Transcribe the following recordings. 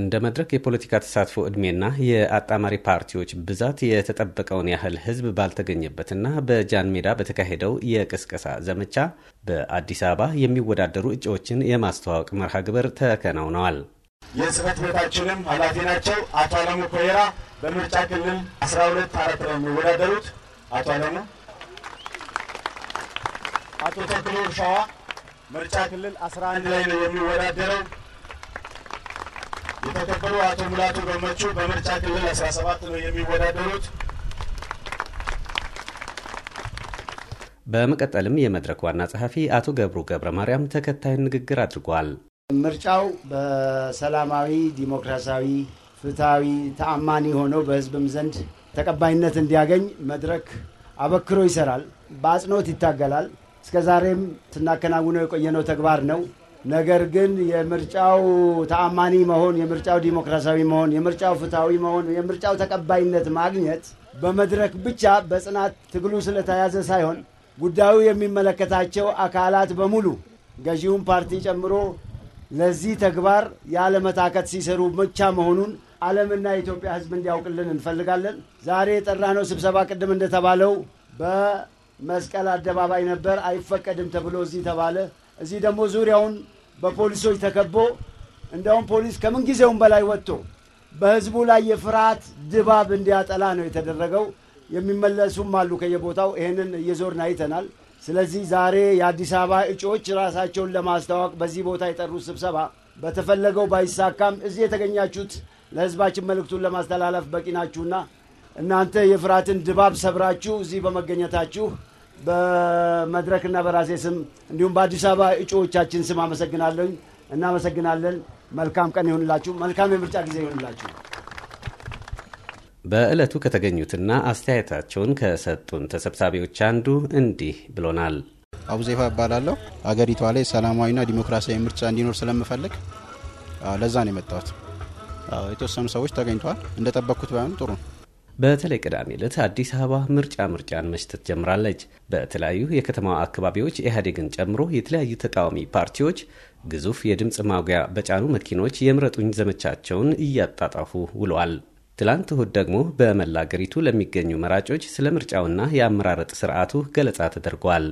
እንደ መድረክ የፖለቲካ ተሳትፎ ዕድሜና የአጣማሪ ፓርቲዎች ብዛት የተጠበቀውን ያህል ሕዝብ ባልተገኘበትና በጃን ሜዳ በተካሄደው የቅስቀሳ ዘመቻ በአዲስ አበባ የሚወዳደሩ እጩዎችን የማስተዋወቅ መርሃ ግብር ተከናውነዋል። የጽህፈት ቤታችንም ኃላፊ ናቸው አቶ አለሙ ኮሄራ በምርጫ ክልል አስራ ሁለት አራት ነው የሚወዳደሩት። አቶ አለሙ አቶ ተክሎ ሻዋ ምርጫ ክልል አስራ አንድ ላይ ነው የሚወዳደረው የተወከሉ አቶ ሙላቱ ገመቹ በምርጫ ክልል አስራ ሰባት ነው የሚወዳደሩት። በመቀጠልም የመድረክ ዋና ጸሐፊ አቶ ገብሩ ገብረ ማርያም ተከታዩን ንግግር አድርጓል። ምርጫው በሰላማዊ ዲሞክራሲያዊ፣ ፍትሐዊ፣ ተአማኒ ሆነው በህዝብም ዘንድ ተቀባይነት እንዲያገኝ መድረክ አበክሮ ይሰራል፣ በአጽንኦት ይታገላል። እስከ ዛሬም ስናከናውነው የቆየነው ተግባር ነው። ነገር ግን የምርጫው ተአማኒ መሆን፣ የምርጫው ዲሞክራሲያዊ መሆን፣ የምርጫው ፍትሐዊ መሆን፣ የምርጫው ተቀባይነት ማግኘት በመድረክ ብቻ በጽናት ትግሉ ስለተያዘ ሳይሆን ጉዳዩ የሚመለከታቸው አካላት በሙሉ ገዢውን ፓርቲ ጨምሮ ለዚህ ተግባር ያለመታከት ሲሰሩ ብቻ መሆኑን ዓለምና የኢትዮጵያ ሕዝብ እንዲያውቅልን እንፈልጋለን። ዛሬ የጠራነው ስብሰባ ቅድም እንደተባለው በመስቀል አደባባይ ነበር። አይፈቀድም ተብሎ እዚህ ተባለ። እዚህ ደግሞ ዙሪያውን በፖሊሶች ተከቦ እንዲያውም ፖሊስ ከምን ጊዜውም በላይ ወጥቶ በህዝቡ ላይ የፍርሃት ድባብ እንዲያጠላ ነው የተደረገው። የሚመለሱም አሉ ከየቦታው ይህንን እየዞርን አይተናል። ስለዚህ ዛሬ የአዲስ አበባ እጩዎች ራሳቸውን ለማስተዋወቅ በዚህ ቦታ የጠሩት ስብሰባ በተፈለገው ባይሳካም እዚህ የተገኛችሁት ለህዝባችን መልእክቱን ለማስተላለፍ በቂ ናችሁና እናንተ የፍርሃትን ድባብ ሰብራችሁ እዚህ በመገኘታችሁ በመድረክና በራሴ ስም እንዲሁም በአዲስ አበባ እጩዎቻችን ስም አመሰግናለሁ። እናመሰግናለን። መልካም ቀን ይሁንላችሁ። መልካም የምርጫ ጊዜ ይሁንላችሁ። በዕለቱ ከተገኙትና አስተያየታቸውን ከሰጡን ተሰብሳቢዎች አንዱ እንዲህ ብሎናል። አቡዜፋ እባላለሁ። አገሪቷ ላይ ሰላማዊና ዲሞክራሲያዊ ምርጫ እንዲኖር ስለምፈልግ ለዛ ነው የመጣሁት። የተወሰኑ ሰዎች ተገኝተዋል። እንደጠበቅኩት ባይሆን ጥሩ ነው። በተለይ ቅዳሜ ዕለት አዲስ አበባ ምርጫ ምርጫን መሽተት ጀምራለች። በተለያዩ የከተማ አካባቢዎች ኢህአዴግን ጨምሮ የተለያዩ ተቃዋሚ ፓርቲዎች ግዙፍ የድምፅ ማጉያ በጫኑ መኪኖች የምረጡኝ ዘመቻቸውን እያጣጣፉ ውለዋል። ትላንት እሁድ ደግሞ በመላ አገሪቱ ለሚገኙ መራጮች ስለ ምርጫውና የአመራረጥ ስርዓቱ ገለጻ ተደርጓል።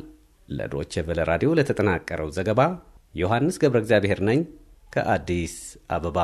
ለዶቼ ቬለ ራዲዮ ለተጠናቀረው ዘገባ ዮሐንስ ገብረ እግዚአብሔር ነኝ ከአዲስ አበባ